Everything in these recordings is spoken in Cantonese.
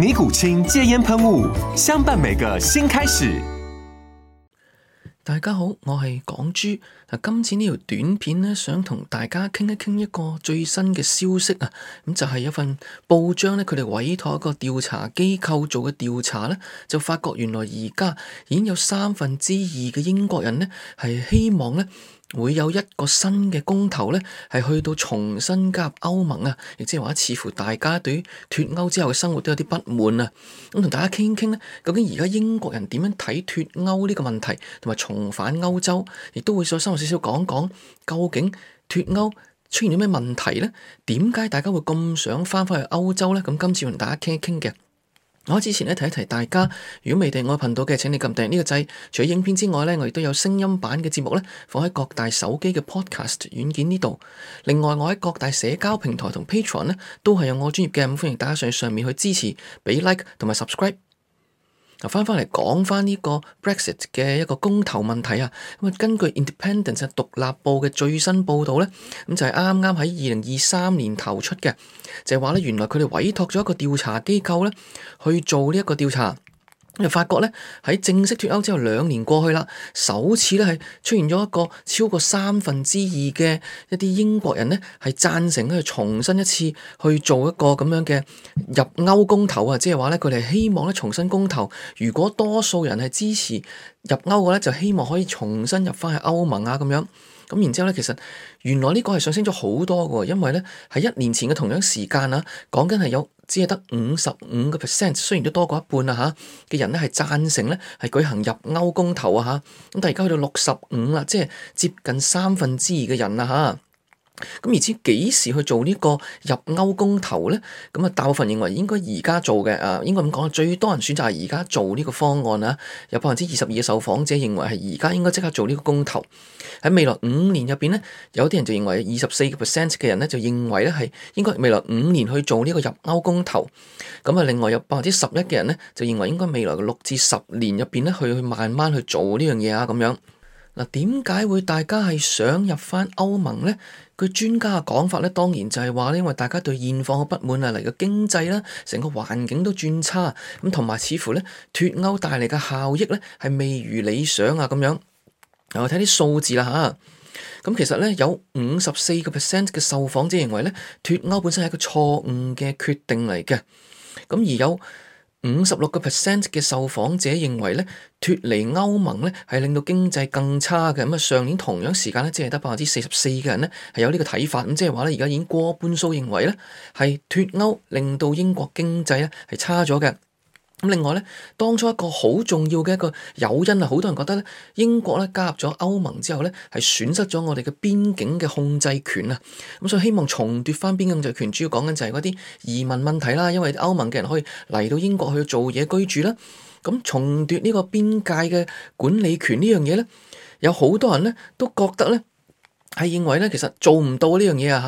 尼古清戒煙噴霧，相伴每個新開始。大家好，我係港珠。啊，今次呢條短片呢，想同大家傾一傾一個最新嘅消息啊。咁就係、是、一份報章呢，佢哋委託一個調查機構做嘅調查呢，就發覺原來而家已經有三分之二嘅英國人呢，係希望呢。會有一個新嘅公投呢，係去到重新加入歐盟啊！亦即係話，似乎大家對於脱歐之後嘅生活都有啲不滿啊！咁、嗯、同大家傾一傾呢，究竟而家英國人點樣睇脱歐呢個問題，同埋重返歐洲，亦都會再深入少少講講，究竟脱歐出現咗咩問題呢？點解大家會咁想翻返去歐洲呢？咁、嗯、今次要同大家傾一傾嘅。我之前呢，提一提大家，如果未訂閱我頻道嘅，請你撳訂閱呢個掣。除影片之外呢，我亦都有聲音版嘅節目呢，放喺各大手機嘅 podcast 軟件呢度。另外，我喺各大社交平台同 Patreon 呢，都係有我專頁嘅，歡迎大家上去上面去支持，畀 like 同埋 subscribe。嗱，翻返嚟講翻呢個 Brexit 嘅一個公投問題啊，咁啊根據 Independence 獨立報嘅最新報導咧，咁就係啱啱喺二零二三年投出嘅，就係話咧原來佢哋委託咗一個調查機構咧去做呢一個調查。又發覺咧，喺正式脫歐之後兩年過去啦，首次咧係出現咗一個超過三分之二嘅一啲英國人咧係贊成去重新一次去做一個咁樣嘅入歐公投啊！即係話咧，佢哋希望咧重新公投，如果多數人係支持入歐嘅咧，就希望可以重新入翻去歐盟啊咁樣。咁然之後咧，其實原來呢個係上升咗好多喎，因為咧喺一年前嘅同樣時間啊，講緊係有。只係得五十五個 percent，雖然都多過一半啦嚇嘅人咧係贊成咧，係舉行入歐公投啊嚇。咁但係而家去到六十五啦，即係接近三分之二嘅人啦、啊、嚇。咁而至於幾時去做呢個入歐公投呢？咁啊，大部分認為應該而家做嘅啊，應該咁講，最多人選擇係而家做呢個方案啦。有百分之二十二嘅受訪者認為係而家應該即刻做呢個公投。喺未來五年入邊呢，有啲人，認人就認為二十四個 percent 嘅人呢就認為呢係應該未來五年去做呢個入歐公投。咁啊，另外有百分之十一嘅人呢就認為應該未來六至十年入邊呢去去慢慢去做呢樣嘢啊咁樣。嗱，點解會大家係想入翻歐盟呢？佢專家嘅講法咧，當然就係話咧，因為大家對現況嘅不滿啊，嚟個經濟啦，成個環境都轉差，咁同埋似乎咧脫歐帶嚟嘅效益咧係未如理想啊咁樣。我睇啲數字啦吓，咁其實咧有五十四個 percent 嘅受訪者認為咧脫歐本身係一個錯誤嘅決定嚟嘅，咁而有，五十六個 percent 嘅受訪者認為咧，脫離歐盟咧係令到經濟更差嘅。咁啊，上年同樣時間咧，只係得百分之四十四嘅人咧係有呢個睇法。咁即係話咧，而家已經過半數認為咧係脫歐令到英國經濟咧係差咗嘅。咁另外咧，當初一個好重要嘅一個誘因啊，好多人覺得咧，英國咧加入咗歐盟之後咧，係損失咗我哋嘅邊境嘅控制權啊！咁所以希望重奪翻邊境控制權，主要講緊就係嗰啲移民問題啦，因為歐盟嘅人可以嚟到英國去做嘢居住啦。咁重奪呢個邊界嘅管理權呢樣嘢咧，有好多人咧都覺得咧。係認為咧，其實做唔到呢樣嘢啊！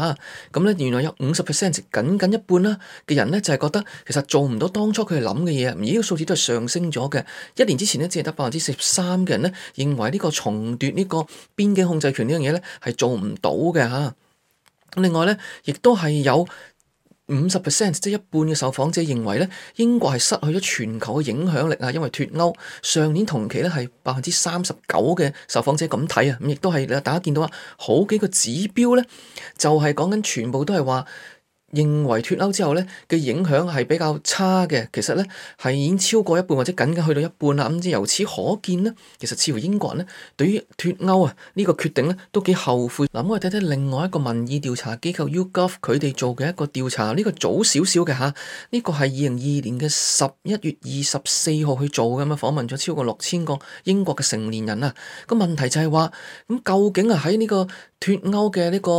吓咁咧，原來有五十 percent 僅僅一半啦嘅人咧，就係覺得其實做唔到當初佢哋諗嘅嘢。而呢個數字都係上升咗嘅。一年之前咧，只係得百分之四十三嘅人咧，認為呢個重奪呢、呢個邊境控制權呢樣嘢咧，係做唔到嘅吓。咁另外咧，亦都係有。五十 percent 即係一半嘅受訪者認為咧，英國係失去咗全球嘅影響力啊，因為脫歐。上年同期咧係百分之三十九嘅受訪者咁睇啊，咁亦都係大家見到啊，好幾個指標咧就係講緊全部都係話。認為脱歐之後呢，嘅影響係比較差嘅，其實呢，係已經超過一半或者僅僅去到一半啦。咁即係由此可見呢，其實似乎英國人呢，對於脱歐啊呢個決定呢，都幾後悔。嗱、啊，我哋睇睇另外一個民意調查機構 YouGov 佢哋做嘅一個調查，呢、這個早少少嘅嚇，呢、這個係二零二二年嘅十一月二十四號去做嘅咁啊，訪問咗超過六千個英國嘅成年人啊。個問題就係話，咁究竟啊喺呢個脱歐嘅呢、這個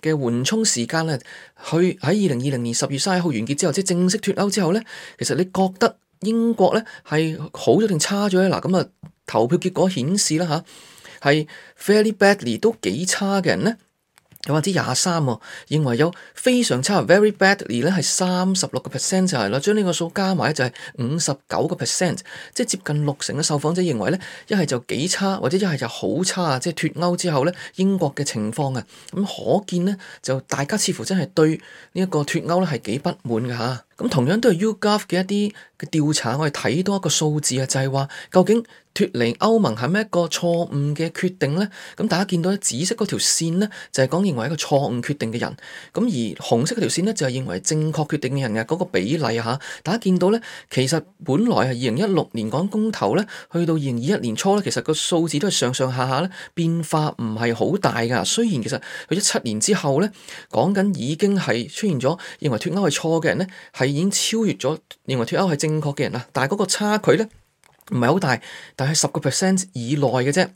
嘅緩衝時間呢？佢喺二零二零年十月三十一號完結之後，即係正式脱歐之後咧，其實你覺得英國咧係好咗定差咗咧？嗱，咁啊投票結果顯示啦吓，係 fairly badly 都幾差嘅人咧。又或者廿三喎，認為有非常差 very badly 咧，係三十六個 percent 就係啦，將呢個數加埋咧就係五十九個 percent，即係接近六成嘅受訪者認為咧，一係就幾差，或者一係就好差啊！即係脱歐之後咧，英國嘅情況啊，咁可見咧，就大家似乎真係對呢一個脱歐咧係幾不滿㗎吓。咁同樣都係 UGov 嘅一啲嘅調查，我哋睇多一個數字啊，就係話究竟脱離歐盟係咪一個錯誤嘅決定呢？咁大家見到紫色嗰條線咧，就係講認為一個錯誤決定嘅人；咁而紅色嗰條線咧，就係認為正確決定嘅人嘅嗰個比例嚇。大家見到呢，其實本來係二零一六年講公投呢，去到二零二一年初呢，其實個數字都係上上下下呢，變化唔係好大噶。雖然其實去咗七年之後呢，講緊已經係出現咗認為脱歐係錯嘅人呢。係。已經超越咗認為脱歐係正確嘅人啦，但係嗰個差距咧唔係好大，但係十個 percent 以內嘅啫。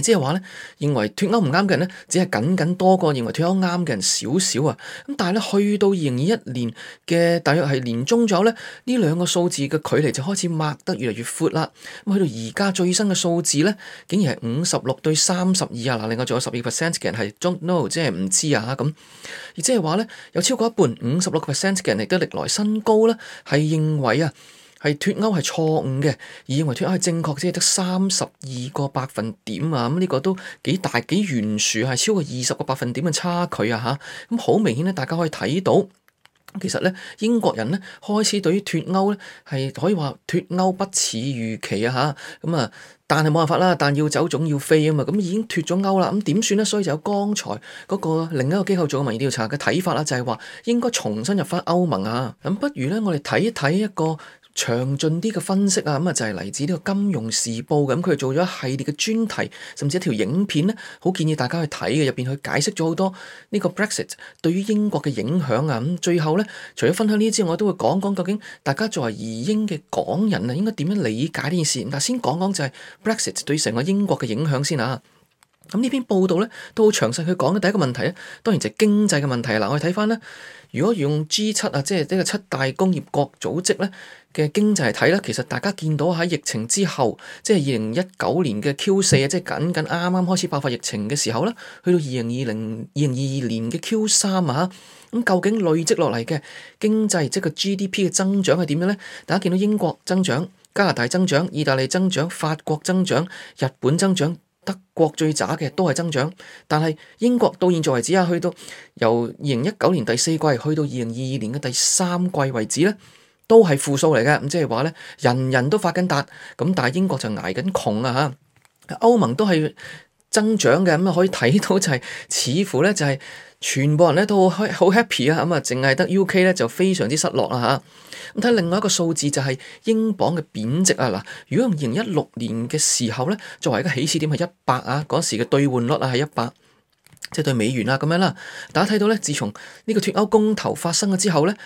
即係話咧，認為脱歐唔啱嘅人咧，只係僅僅多過認為脱歐啱嘅人少少啊！咁但係咧，去到二零二一年嘅大約係年中左右咧，呢兩個數字嘅距離就開始擘得越嚟越闊啦。咁去到而家最新嘅數字咧，竟然係五十六對三十二啊！嗱，另外仲有十二 percent 嘅人係 don't know，即係唔知啊咁。亦即係話咧，有超過一半五十六 percent 嘅人亦都歷來新高咧係認為啊。係脱歐係錯誤嘅，而認為脱歐係正確，即係得三十二個百分點啊！咁、這、呢個都幾大幾懸殊，係超過二十個百分點嘅差距啊！吓，咁、嗯、好明顯咧，大家可以睇到其實咧英國人咧開始對於脱歐咧係可以話脱歐不似預期啊！吓，咁啊，但係冇辦法啦，但要走總要飛啊嘛！咁已經脱咗歐啦，咁、嗯、點算咧？所以就有剛才嗰個另一個機構做嘅民意調查嘅睇法啦，就係、是、話應該重新入返歐盟啊！咁、嗯、不如咧，我哋睇一睇一個。詳盡啲嘅分析啊，咁啊就係嚟自呢個《金融時報》嘅，咁佢做咗一系列嘅專題，甚至一條影片咧，好建議大家去睇嘅，入邊去解釋咗好多呢個 Brexit 對於英國嘅影響啊。咁最後咧，除咗分享呢啲之外，我都會講講究竟大家作為移英嘅港人啊，應該點樣理解呢件事。嗱，先講講就係 Brexit 對成個英國嘅影響先啊。咁呢篇報道呢，都好詳細，去講嘅第一個問題呢，當然就係經濟嘅問題啦。我哋睇翻呢，如果用 G 七啊，即係呢個七大工業國組織呢嘅經濟嚟睇呢，其實大家見到喺疫情之後，即係二零一九年嘅 Q 四啊，即係僅僅啱啱開始爆發疫情嘅時候呢，去到二零二零二零二二年嘅 Q 三啊，咁究竟累積落嚟嘅經濟即係 GDP 嘅增長係點樣呢？大家見到英國增長、加拿大增長、意大利增長、法國增長、日本增長。德國最渣嘅都係增長，但係英國到現在為止啊，去到由二零一九年第四季去到二零二二年嘅第三季為止咧，都係負數嚟嘅。咁即係話咧，人人都發緊達，咁但係英國就捱緊窮啊吓。歐盟都係增長嘅，咁可以睇到就係似乎咧就係。全部人咧都好 happy 啊，咁啊，淨係得 U.K 咧就非常之失落啦吓，咁睇另外一個數字就係英鎊嘅貶值啊嗱。如果用二零一六年嘅時候咧，作為一個起始點係一百啊，嗰時嘅兌換率啊係一百，即係對美元啊咁樣啦。大家睇到咧，自從呢個脱歐公投發生咗之後咧。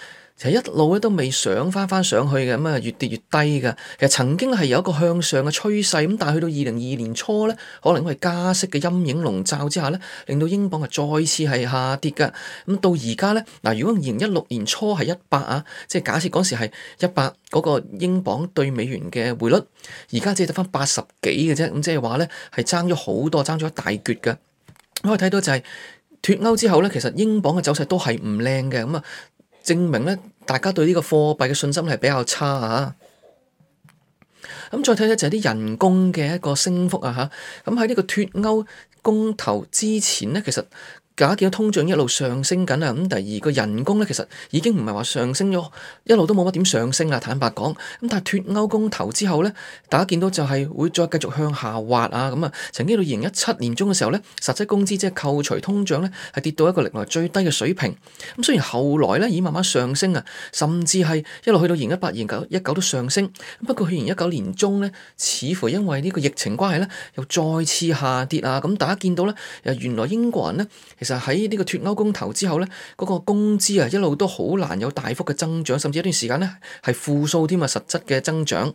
其實一路都未上翻翻上去嘅，咁啊越跌越低噶。其實曾經係有一個向上嘅趨勢，咁但係去到二零二年初咧，可能因為加息嘅陰影籠罩之下咧，令到英鎊啊再次係下跌噶。咁到而家咧，嗱如果二零一六年初係一百啊，即係假設嗰時係一百嗰個英鎊對美元嘅匯率，而家只係得翻八十幾嘅啫。咁即係話咧係爭咗好多，爭咗一大橛噶。我可以睇到就係、是、脱歐之後咧，其實英鎊嘅走勢都係唔靚嘅，咁啊證明咧。大家對呢個貨幣嘅信心係比較差啊！咁再睇睇就係啲人工嘅一個升幅啊！嚇、啊，咁喺呢個脫歐公投之前咧，其實。大家見到通脹一路上升緊啊！咁第二個人工咧，其實已經唔係話上升咗，一路都冇乜點上升啦。坦白講，咁但係脫歐公投之後咧，大家見到就係會再繼續向下滑啊！咁啊，曾經到二零一七年中嘅時候咧，實質工資即係扣除通脹咧，係跌到一個歷來最低嘅水平。咁雖然後來咧已經慢慢上升啊，甚至係一路去到二零一八、二零一九、一九都上升。不過去年一九年中咧，似乎因為呢個疫情關係咧，又再次下跌啊！咁大家見到咧，又原來英國人咧，就喺呢個脱歐公投之後呢嗰、嗰個工資啊，一路都好難有大幅嘅增長，甚至一段時間呢係負數添啊，實質嘅增長。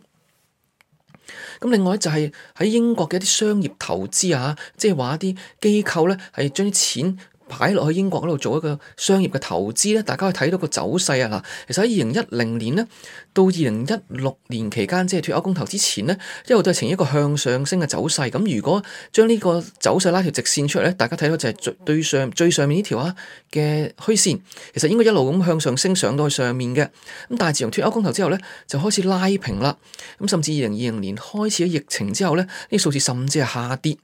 咁另外就係、係、喺英國嘅一啲商業投資啊，即係話一啲機構呢係將啲錢。擺落去英國嗰度做一個商業嘅投資咧，大家去睇到個走勢啊！嗱，其實喺二零一零年咧，到二零一六年期間，即係脱歐公投之前咧，一路都係呈一個向上升嘅走勢。咁如果將呢個走勢拉條直線出嚟咧，大家睇到就係最上最上面呢條啊嘅虛線，其實應該一路咁向上升上到去上面嘅。咁但係自從脱歐公投之後咧，就開始拉平啦。咁甚至二零二零年開始嘅疫情之後咧，啲、呢個、數字甚至係下跌。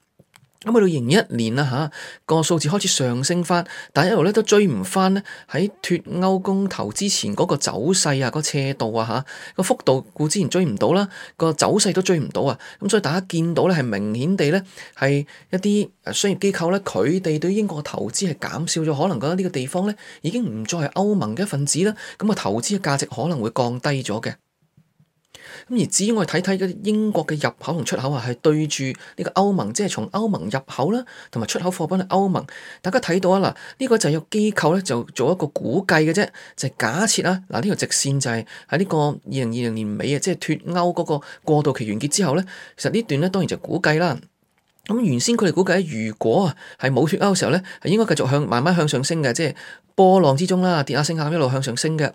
咁去到二零二一年啦，嚇個數字開始上升翻，但係一路咧都追唔翻咧，喺脱歐公投之前嗰個走勢啊，個斜度啊，嚇個幅度，固之然追唔到啦，個走勢都追唔到啊。咁所以大家見到咧係明顯地咧係一啲商業機構咧，佢哋對英國投資係減少咗，可能覺得呢個地方咧已經唔再係歐盟嘅一份子啦，咁啊投資嘅價值可能會降低咗嘅。咁而至於我哋睇睇嘅英國嘅入口同出口啊，係對住呢個歐盟，即係從歐盟入口啦，同埋出口貨品去歐盟。大家睇到啊，嗱，呢個就係有機構咧，就做一個估計嘅啫，就係假設啦，嗱，呢條直線就係喺呢個二零二零年尾啊，即係脱歐嗰個過渡期完結之後咧，其實呢段咧當然就估計啦。咁原先佢哋估計如果啊係冇脱歐嘅時候咧，係應該繼續向慢慢向上升嘅，即係波浪之中啦，跌下升下一路向上升嘅。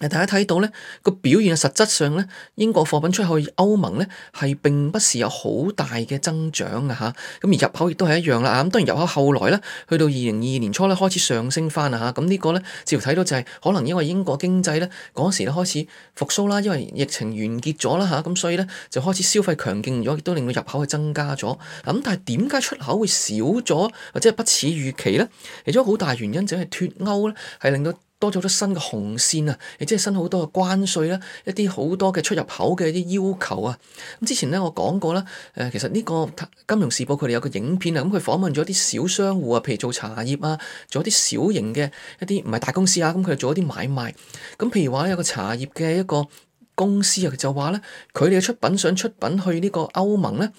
大家睇到呢個表現啊，實質上呢英國貨品出去歐盟呢係並不是有好大嘅增長啊嚇。咁而入口亦都係一樣啦，咁當然入口後來呢去到二零二二年初呢開始上升翻啊嚇，咁、這、呢個呢，只要睇到就係可能因為英國經濟呢嗰時呢開始復甦啦，因為疫情完結咗啦嚇，咁所以呢，就開始消費強勁咗，亦都令到入口係增加咗。咁但係點解出口會少咗或者係不似預期呢？其中好大原因就係脱歐呢，係令到。多咗好多新嘅紅線啊，亦即係新好多嘅關稅啦，一啲好多嘅出入口嘅一啲要求啊。咁之前咧，我講過啦，誒，其實呢個金融時報佢哋有個影片啊，咁佢訪問咗啲小商戶啊，譬如做茶葉啊，做一啲小型嘅一啲唔係大公司啊，咁佢哋做一啲買賣。咁譬如話咧，有個茶葉嘅一個公司啊，佢就話咧，佢哋嘅出品想出品去呢個歐盟咧，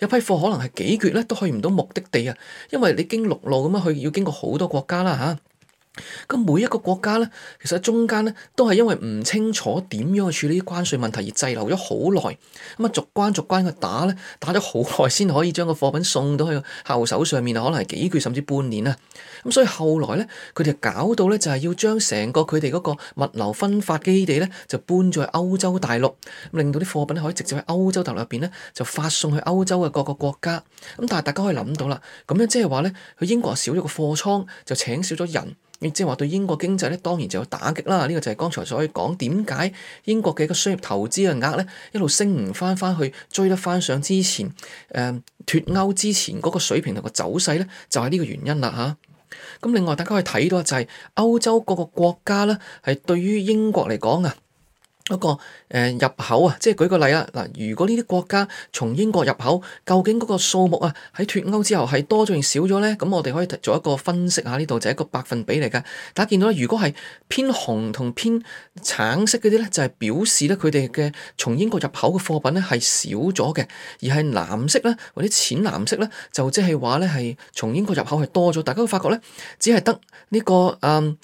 一批貨可能係幾個月咧都去唔到目的地啊，因為你經陸路咁樣去，要經過好多國家啦嚇。咁每一個國家咧，其實中間咧都係因為唔清楚點樣去處理啲關稅問題而滯留咗好耐，咁啊逐關逐關去打咧，打咗好耐先可以將個貨品送到去個客戶手上面，可能係幾個月甚至半年啊。咁所以後來咧，佢哋搞到咧就係要將成個佢哋嗰個物流分發基地咧，就搬咗去歐洲大陸，令到啲貨品可以直接喺歐洲大陸入邊咧就發送去歐洲嘅各個國家。咁但係大家可以諗到啦，咁樣即係話咧，佢英國少咗個貨倉，就請少咗人，亦即係話對英國經濟咧，當然就有打擊啦。呢個就係剛才所講點解英國嘅個商業投資嘅額咧一路升唔翻翻去追得翻上之前誒、嗯、脫歐之前嗰個水平同個走勢咧，就係呢個原因啦嚇。咁另外大家可以睇到，就係歐洲各個國家呢，係對於英國嚟講啊。一個誒、呃、入口啊，即係舉個例啊，嗱，如果呢啲國家從英國入口，究竟嗰個數目啊喺脫歐之後係多咗定少咗咧？咁我哋可以做一個分析，下呢度就係一個百分比嚟㗎。大家見到咧，如果係偏紅同偏橙色嗰啲咧，就係、是、表示咧佢哋嘅從英國入口嘅貨品咧係少咗嘅，而係藍色咧或者淺藍色咧，就即係話咧係從英國入口係多咗。大家會發覺咧，只係得呢、這個嗯。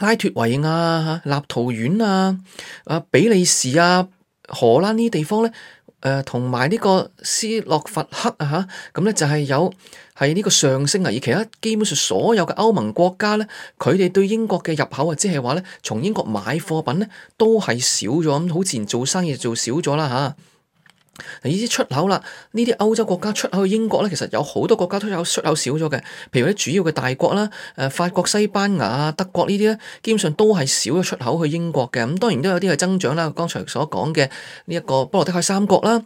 拉脫維亞、立陶宛啊、啊比利時啊、荷蘭呢啲地方咧，誒、呃、同埋呢個斯洛伐克啊，吓咁咧就係有係呢個上升啊，而其他基本上所有嘅歐盟國家咧，佢哋對英國嘅入口啊，即係話咧從英國買貨品咧都係少咗，咁、嗯、好自然做生意就做少咗啦吓。啊呢啲出口啦，呢啲歐洲國家出口去英國咧，其實有好多國家都有出口少咗嘅，譬如啲主要嘅大國啦，誒法國、西班牙、德國呢啲咧，基本上都係少咗出口去英國嘅。咁當然都有啲係增長啦，剛才所講嘅呢一個波羅的海三國啦，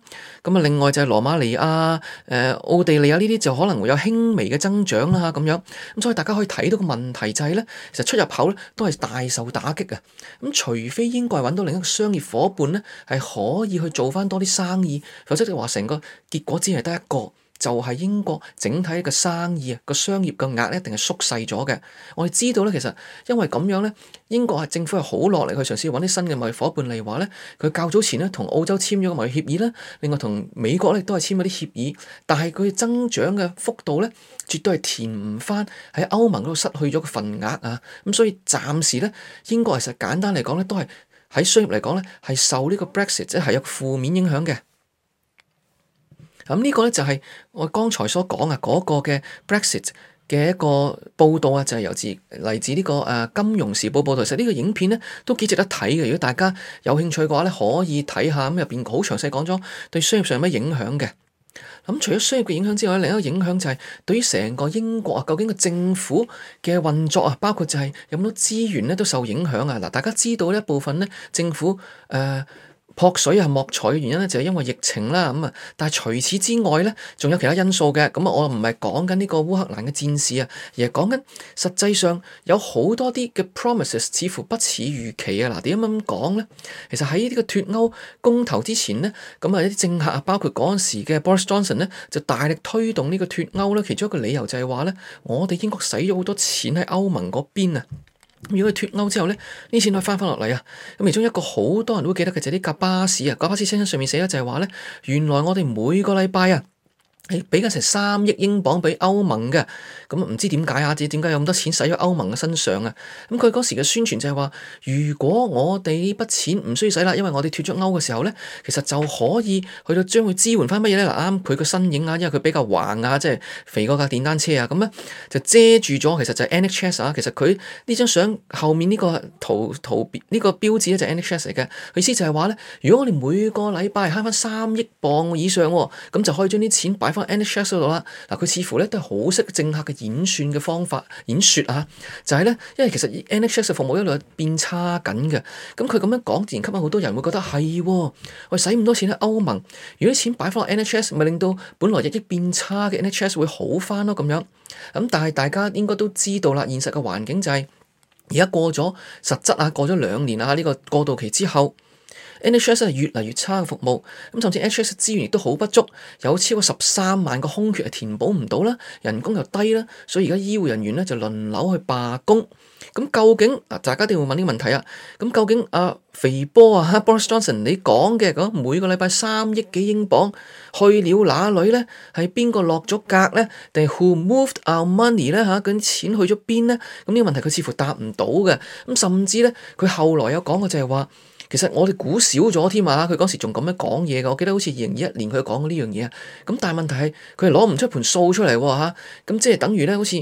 咁啊另外就係羅馬尼亞、誒奧地利啊呢啲就可能會有輕微嘅增長啦咁樣。咁所以大家可以睇到個問題就係、是、咧，其實出入口咧都係大受打擊嘅。咁除非英國揾到另一個商業夥伴咧，係可以去做翻多啲生意。否則就話成個結果只係得一個，就係英國整體嘅生意啊個商業嘅額一定係縮細咗嘅。我哋知道咧，其實因為咁樣咧，英國係政府係好落力去嘗試揾啲新嘅貿易夥伴嚟話咧，佢較早前咧同澳洲簽咗個貿易協議啦，另外同美國咧都係簽咗啲協議，但係佢增長嘅幅度咧，絕對係填唔翻喺歐盟嗰度失去咗嘅份額啊。咁所以暫時咧，英國其實簡單嚟講咧，都係喺商業嚟講咧，係受呢個 Brexit 即係有負面影響嘅。咁呢個咧就係我剛才所講啊嗰個嘅 Brexit 嘅一個報道啊，就係、是、由自嚟自呢、這個誒、呃、金融時報報道，其實呢個影片咧都幾值得睇嘅。如果大家有興趣嘅話咧，可以睇下，咁入邊好詳細講咗對商業上有咩影響嘅。咁、嗯、除咗商業嘅影響之外，另一個影響就係對於成個英國啊，究竟個政府嘅運作啊，包括就係有冇多資源咧都受影響啊。嗱、呃，大家知道呢一部分咧政府誒。呃撲水係莫彩嘅原因咧，就係因為疫情啦咁啊！但係除此之外咧，仲有其他因素嘅。咁啊，我唔係講緊呢個烏克蘭嘅戰事啊，而係講緊實際上有好多啲嘅 promises 似乎不似預期啊！嗱，點解咁講咧？其實喺呢個脫歐公投之前咧，咁啊一啲政客啊，包括嗰陣時嘅 Boris Johnson 咧，就大力推動呢個脫歐啦。其中一個理由就係話咧，我哋英國使咗好多錢喺歐盟嗰邊啊。如果佢脫歐之後咧，啲錢可以翻翻落嚟啊！咁其中一個好多人都會記得嘅就係啲架巴士啊，架巴士聲音上面寫嘅就係話咧，原來我哋每個禮拜啊。俾咁成三億英鎊俾歐盟嘅，咁唔知點解啊？點點解有咁多錢使咗歐盟嘅身上啊？咁佢嗰時嘅宣傳就係話，如果我哋呢筆錢唔需要使啦，因為我哋脫咗歐嘅時候呢，其實就可以去到將佢支援翻乜嘢呢？嗱、啊，啱佢個身影啊，因為佢比較橫啊，即係肥嗰架電單車啊，咁、嗯、呢就遮住咗。其實就係 NHS 啊，其實佢呢張相後面呢個圖圖呢、這個標誌咧就 NHS 嚟嘅，意思就係話呢，如果我哋每個禮拜慳翻三億鎊以上、啊，咁就可以將啲錢擺。翻 NHS 嗰度啦，嗱，佢似乎咧都係好識政客嘅演算嘅方法演說啊，就係、是、咧，因為其實 NHS 嘅服務一路變差緊嘅，咁佢咁樣講自然吸引好多人會覺得係，喂，使咁多錢喺歐盟，如果啲錢擺翻去 NHS，咪令到本來日益變差嘅 NHS 會好翻咯咁樣，咁但係大家應該都知道啦，現實嘅環境就係而家過咗實質啊，過咗兩年啊呢、這個過渡期之後。NHS 係越嚟越差嘅服務，咁甚至 NHS 資源亦都好不足，有超過十三萬個空缺係填補唔到啦，人工又低啦，所以而家醫護人員咧就輪流去罷工。咁究竟大家一定會問呢個問題啊。咁究竟阿肥波啊，哈，Boris Johnson，你講嘅嗰每個禮拜三億幾英鎊去了哪裏咧？係邊個落咗格咧？定 who moved our money 咧？究竟錢去咗邊咧？咁呢個問題佢似乎答唔到嘅。咁甚至咧，佢後來有講嘅就係話。其實我哋估少咗添啊。佢嗰時仲咁樣講嘢嘅，我記得好似二零二一年佢講過呢樣嘢啊。咁但係問題係佢攞唔出盤數出嚟喎嚇，咁即係等於咧，好似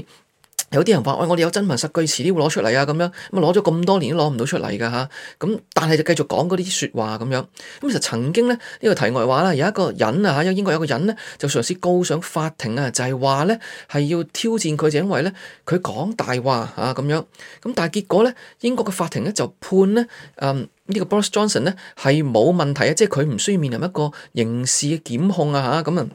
有啲人話喂、哎，我哋有真憑實據，遲啲會攞出嚟啊咁樣，咁攞咗咁多年都攞唔到出嚟㗎嚇。咁、啊、但係就繼續講嗰啲説話咁樣。咁其實曾經咧呢、這個題外話啦，有一個人啊嚇，因為英國有個人咧就嘗試告上法庭啊，就係話咧係要挑戰佢，就因為咧佢講大話嚇咁、啊、樣。咁但係結果咧，英國嘅法庭咧就判咧嗯。呢個 Boris Johnson 咧，係冇問題啊，即係佢唔需要面臨一個刑事嘅檢控啊吓，咁啊。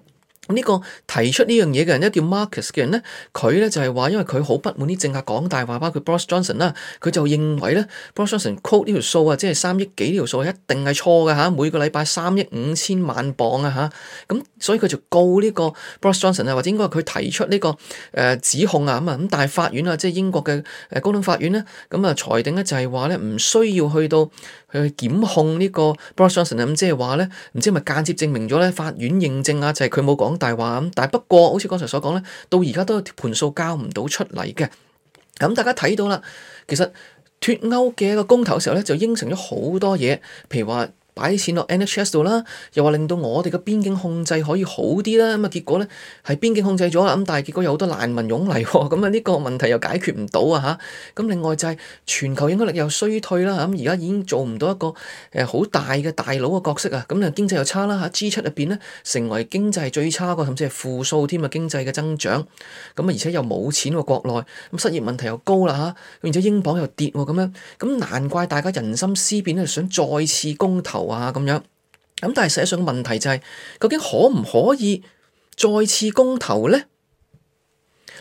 呢個提出呢樣嘢嘅人一叫 Marcus 嘅人咧，佢咧就係話，因為佢好不滿啲政客講大話，包括 Boris Johnson 啦，佢就認為咧，Boris Johnson quote 呢條數啊，即係三億幾呢條數一定係錯嘅嚇，每個禮拜三億五千萬鎊啊嚇，咁、嗯、所以佢就告呢個 Boris Johnson 啊，或者應該佢提出呢、這個誒、呃、指控啊，咁啊咁，但係法院啊，即係英國嘅誒高等法院咧，咁啊裁定咧就係話咧，唔需要去到去檢控個 Johnson，呢個 Boris Johnson 啊，咁即係話咧，唔知係咪間接證明咗咧，法院認證啊，就係佢冇講。大話咁，但係不過，好似剛才所講咧，到而家都有盤數交唔到出嚟嘅。咁大家睇到啦，其實脫歐嘅一個公投嘅時候咧，就應承咗好多嘢，譬如話。擺錢落 NHS 度啦，又話令到我哋嘅邊境控制可以好啲啦，咁啊結果咧係邊境控制咗啦，咁但係結果有好多難民湧嚟，咁啊呢個問題又解決唔到啊嚇！咁另外就係全球影響力又衰退啦，咁而家已經做唔到一個誒好大嘅大佬嘅角色啊！咁啊經濟又差啦嚇，G7 入邊咧成為經濟最差個，甚至係負數添啊！經濟嘅增長，咁啊而且又冇錢喎國內，咁失業問題又高啦嚇，而且英鎊又跌喎咁樣，咁難怪大家人心思變咧，想再次公投。哇，咁樣，咁、啊、但係實際上問題就係、是，究竟可唔可以再次公投呢？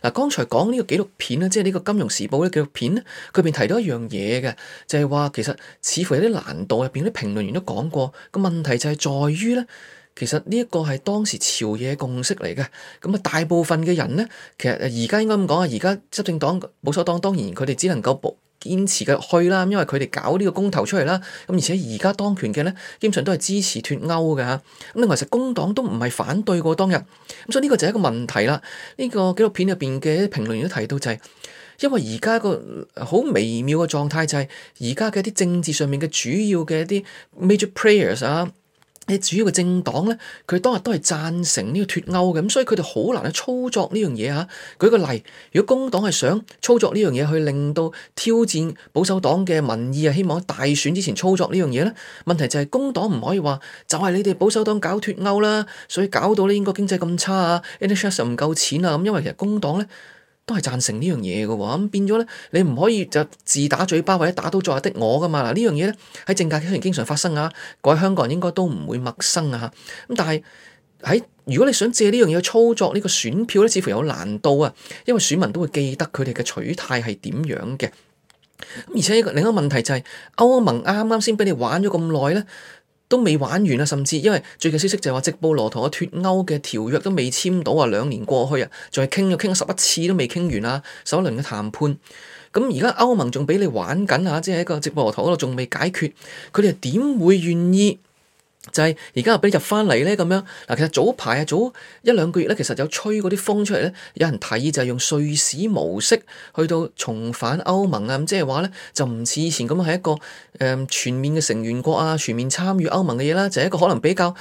嗱、啊，剛才講呢個紀錄片咧，即係呢個《金融時報》嘅紀錄片咧，佢便提到一樣嘢嘅，就係、是、話其實似乎有啲難度。入邊啲評論員都講過，個問題就係在於呢，其實呢一個係當時朝野共識嚟嘅，咁啊大部分嘅人呢，其實而家應該咁講啊，而家執政黨冇所當當然，佢哋只能夠博。堅持嘅去啦，因為佢哋搞呢個公投出嚟啦，咁而且而家當權嘅咧，經常都係支持脱歐嘅㗎，咁另外其實工黨都唔係反對過當日，咁所以呢個就係一個問題啦。呢個紀錄片入邊嘅一啲評論員都提到就係，因為而家個好微妙嘅狀態就係，而家嘅一啲政治上面嘅主要嘅一啲 major players 啊。你主要嘅政黨呢，佢當日都係贊成呢個脱歐嘅，咁所以佢哋好難去操作呢樣嘢吓。舉個例，如果工黨係想操作呢樣嘢去令到挑戰保守黨嘅民意，啊希望大選之前操作呢樣嘢呢，問題就係工黨唔可以話就係、是、你哋保守黨搞脱歐啦，所以搞到呢英國經濟咁差啊，NHS 又唔夠錢啊，咁因為其實工黨呢。都係贊成呢樣嘢嘅喎，咁變咗呢，你唔可以就自打嘴巴或者打倒昨日的我噶嘛呢樣嘢呢，喺政界雖然經常發生啊，各位香港人應該都唔會陌生啊，咁但係如果你想借呢樣嘢操作呢、呢個選票呢似乎有難度啊，因為選民都會記得佢哋嘅取態係點樣嘅，咁而且一個另一個問題就係、係、歐盟啱啱先俾你玩咗咁耐呢。都未玩完啊！甚至因為最近消息就話，直布羅陀脫歐嘅條約都未簽到啊，兩年過去啊，仲係傾咗傾咗十一次都未傾完啊，首輪嘅談判，咁而家歐盟仲俾你玩緊啊，即係一個直布羅陀嗰度仲未解決，佢哋點會願意？就係而家俾入翻嚟咧咁樣。嗱，其實早排啊，早一兩個月咧，其實有吹嗰啲風出嚟咧，有人提議就係用瑞士模式去到重返歐盟啊，咁即係話咧就唔似以前咁樣係一個誒、嗯、全面嘅成員國啊，全面參與歐盟嘅嘢啦，就係一個可能比較。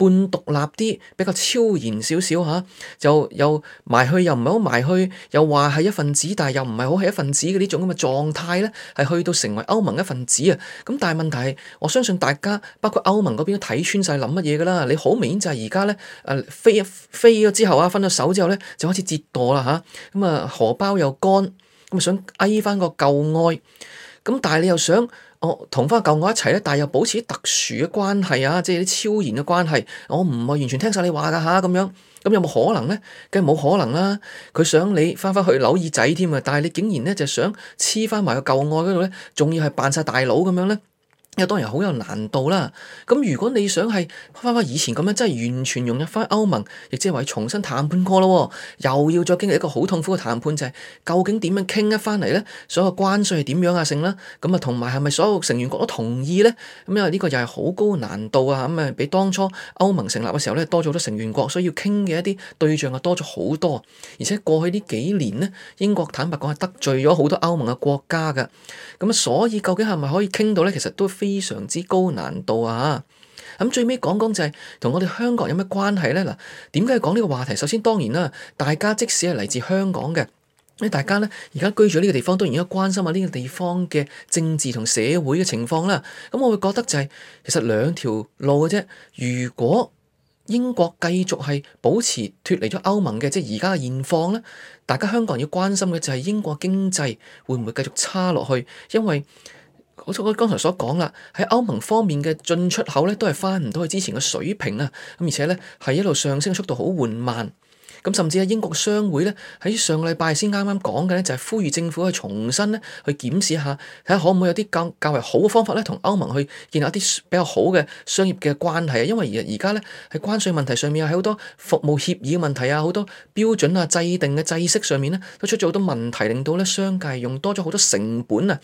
半獨立啲，比較超然少少嚇，就又埋去又唔係好埋去，又話係一份子，但係又唔係好係一份子嘅呢種咁嘅狀態咧，係去到成為歐盟一份子啊！咁但係問題，我相信大家包括歐盟嗰邊都睇穿晒諗乜嘢㗎啦！你好明顯就係而家咧，誒、啊、飛飛咗之後啊，分咗手之後咧，就開始折墮啦嚇，咁啊荷包又乾，咁啊想捱翻個舊愛，咁但係你又想。同翻舊愛一齊咧，但係又保持啲特殊嘅關係啊，即係啲超然嘅關係。我唔係完全聽晒你話噶吓，咁樣咁有冇可能呢？梗係冇可能啦！佢想你翻翻去扭耳仔添啊！但係你竟然呢，就想黐翻埋個舊愛嗰度呢，仲要係扮晒大佬咁樣呢？又當然好有難度啦。咁如果你想係翻翻以前咁樣，真係完全融入翻歐盟，亦即係話重新談判過咯，又要再經歷一個好痛苦嘅談判，就係究竟點樣傾一翻嚟咧？所有關稅係點樣啊？剩啦，咁啊同埋係咪所有成員國都同意咧？咁因為呢個又係好高難度啊。咁啊，比當初歐盟成立嘅時候咧，多咗好多成員國，所以要傾嘅一啲對象啊多咗好多。而且過去呢幾年咧，英國坦白講係得罪咗好多歐盟嘅國家㗎。咁啊，所以究竟係咪可以傾到咧？其實都～非常之高難度啊！咁最尾講講，就係同我哋香港有咩關係呢？嗱，點解講呢個話題？首先，當然啦，大家即使係嚟自香港嘅，大家呢而家居住呢個地方，當然都關心下呢個地方嘅政治同社會嘅情況啦。咁我會覺得就係其實兩條路嘅啫。如果英國繼續係保持脫離咗歐盟嘅，即係而家嘅現況呢，大家香港人要關心嘅就係英國經濟會唔會繼續差落去？因為我所剛才所講啦，喺歐盟方面嘅進出口咧，都係翻唔到去之前嘅水平啦。咁而且咧，係一路上升嘅速度好緩慢。咁甚至喺英國商會咧，喺上個禮拜先啱啱講嘅咧，就係呼籲政府去重新咧去檢視下，睇下可唔可以有啲較較為好嘅方法咧，同歐盟去建立一啲比較好嘅商業嘅關係啊。因為而家咧喺關稅問題上面啊，喺好多服務協議嘅問題啊，好多標準啊制定嘅制式上面咧，都出咗好多問題，令到咧商界用多咗好多成本啊。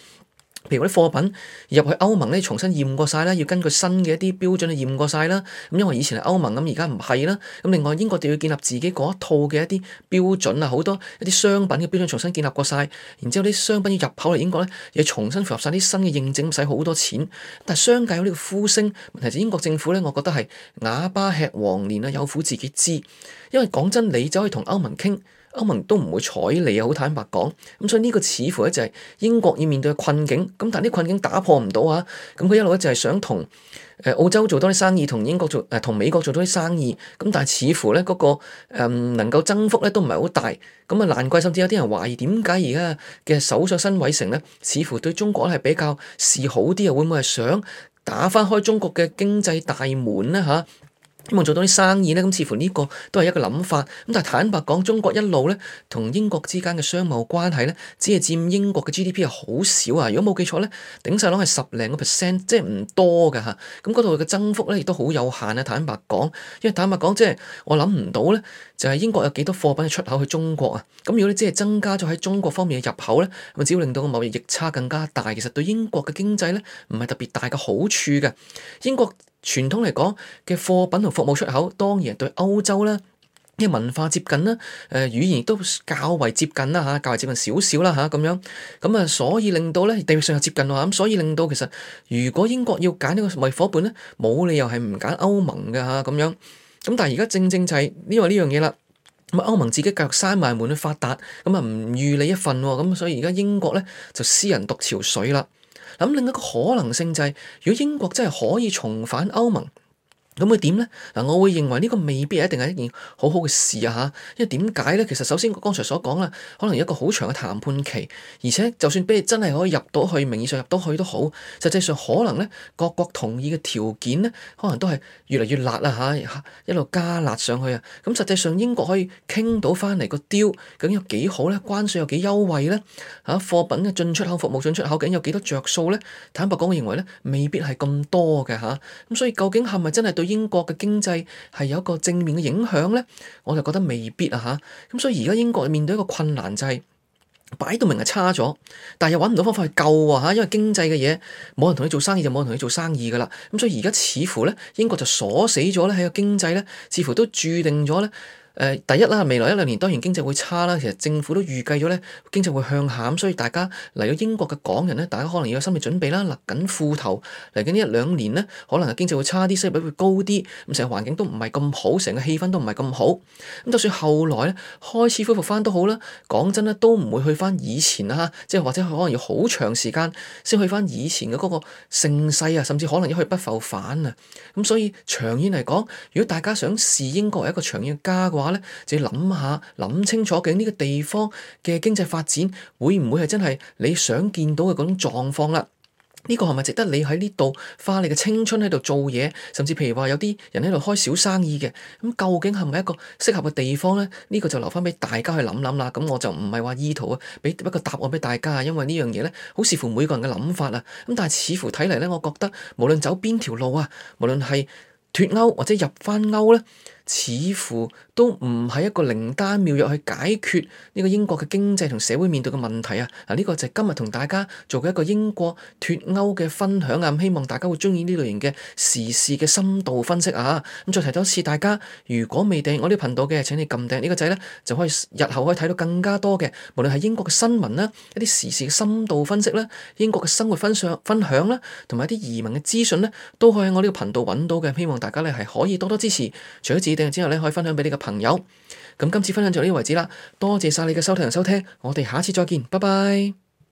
譬如啲貨品入去歐盟咧，重新驗過曬咧，要根據新嘅一啲標準去驗過曬啦。咁因為以前係歐盟咁，而家唔係啦。咁另外英國就要建立自己嗰一套嘅一啲標準啊，好多一啲商品嘅標準重新建立過曬。然之後啲商品要入口嚟英國咧，又要重新符合晒啲新嘅認證，使好多錢。但係商界有呢個呼聲，問題就英國政府咧，我覺得係啞巴吃黃連啊，有苦自己知。因為講真，你走去同歐盟傾。歐盟都唔會睬你。啊！好坦白講，咁、嗯、所以呢個似乎咧就係英國要面對嘅困境。咁但係呢困境打破唔到啊，咁佢一路咧就係想同誒澳洲做多啲生意，同英國做誒同、啊、美國做多啲生意。咁但係似乎咧、那、嗰個誒、嗯、能夠增幅咧都唔係好大。咁啊難怪甚至有啲人懷疑點解而家嘅首相辛偉誠咧，似乎對中國係比較示好啲啊？會唔會係想打返開中國嘅經濟大門咧？嚇、啊！希望做到啲生意呢，咁似乎呢個都係一個諗法。咁但係坦白講，中國一路呢同英國之間嘅商貿關係呢，只係佔英國嘅 GDP 係好少啊！如果冇記錯呢，頂曬攏係十零個 percent，即係唔多嘅嚇。咁嗰度嘅增幅咧，亦都好有限啊！坦白講，因為坦白講，即係我諗唔到咧，就係、是、英國有幾多貨品嘅出口去中國啊？咁如果你只係增加咗喺中國方面嘅入口咧，咪只要令到個貿易逆差更加大，其實對英國嘅經濟呢，唔係特別大嘅好處嘅，英國。傳統嚟講嘅貨品同服務出口，當然對歐洲咧，啲文化接近啦，誒語言亦都較為接近啦嚇，較為接近少少啦嚇咁樣，咁啊所以令到咧地域上又接近喎，咁所以令到其實如果英國要揀呢個貿易伙伴咧，冇理由係唔揀歐盟嘅嚇咁樣，咁但係而家正正就係因為呢樣嘢啦，咁、這個、歐盟自己繼續閂埋門去發達，咁啊唔預你一份喎，咁所以而家英國咧就私人獨潮水啦。咁另一個可能性就係，如果英國真係可以重返歐盟。咁會點呢？嗱，我會認為呢個未必一定係一件好好嘅事啊！嚇，因為點解呢？其實首先我剛才所講啦，可能有一個好長嘅談判期，而且就算俾你真係可以入到去，名義上入到去都好，實際上可能呢，各國同意嘅條件呢，可能都係越嚟越辣啊！吓，一路加辣上去啊！咁實際上英國可以傾到翻嚟個 deal，究竟有幾好呢？關稅有幾優惠呢？嚇，貨品嘅進出口、服務進出口究竟有幾多着數呢？坦白講，我認為呢，未必係咁多嘅吓，咁所以究竟係咪真係對？英國嘅經濟係有一個正面嘅影響咧，我就覺得未必啊嚇。咁所以而家英國面對一個困難就係擺到明係差咗，但係又揾唔到方法去救喎嚇。因為經濟嘅嘢，冇人同你做生意就冇人同你做生意噶啦。咁所以而家似乎咧英國就鎖死咗咧喺個經濟咧，似乎都注定咗咧。第一啦，未來一兩年當然經濟會差啦，其實政府都預計咗咧經濟會向下，所以大家嚟到英國嘅港人咧，大家可能要有心理準備啦。勒緊褲頭嚟緊呢一兩年咧，可能經濟會差啲，消費會高啲，咁成個環境都唔係咁好，成個氣氛都唔係咁好。咁就算後來咧開始恢復翻都好啦，講真咧都唔會去翻以前啦，即係或者可能要好長時間先去翻以前嘅嗰個盛世啊，甚至可能一去不復返啊。咁所以長遠嚟講，如果大家想視英國為一個長遠家嘅話，話咧，就要諗下，諗清楚究竟呢個地方嘅經濟發展會唔會係真係你想見到嘅嗰種狀況啦？呢個係咪值得你喺呢度花你嘅青春喺度做嘢？甚至譬如話有啲人喺度開小生意嘅，咁究竟係咪一個適合嘅地方呢？呢個就留翻俾大家去諗諗啦。咁我就唔係話意圖啊，俾一個答案俾大家啊，因為呢樣嘢呢，好視乎每個人嘅諗法啊。咁但係似乎睇嚟呢，我覺得無論走邊條路啊，無論係脫歐或者入翻歐呢。似乎都唔係一個靈丹妙藥去解決呢個英國嘅經濟同社會面對嘅問題啊！嗱，呢個就係今日同大家做嘅一個英國脫歐嘅分享啊、嗯！希望大家會中意呢類型嘅時事嘅深度分析啊！咁、嗯、再提多次，大家如果未訂我呢個頻道嘅，請你撳訂呢個掣呢，就可以日後可以睇到更加多嘅，無論係英國嘅新聞啦、一啲時事嘅深度分析啦、英國嘅生活分享分享啦，同埋一啲移民嘅資訊呢，都可以喺我呢個頻道揾到嘅。希望大家呢係可以多多支持，除咗自訂閱之後咧，可以分享俾你嘅朋友。咁今次分享就呢個位置啦，多謝晒你嘅收睇同收聽，我哋下次再見，拜拜。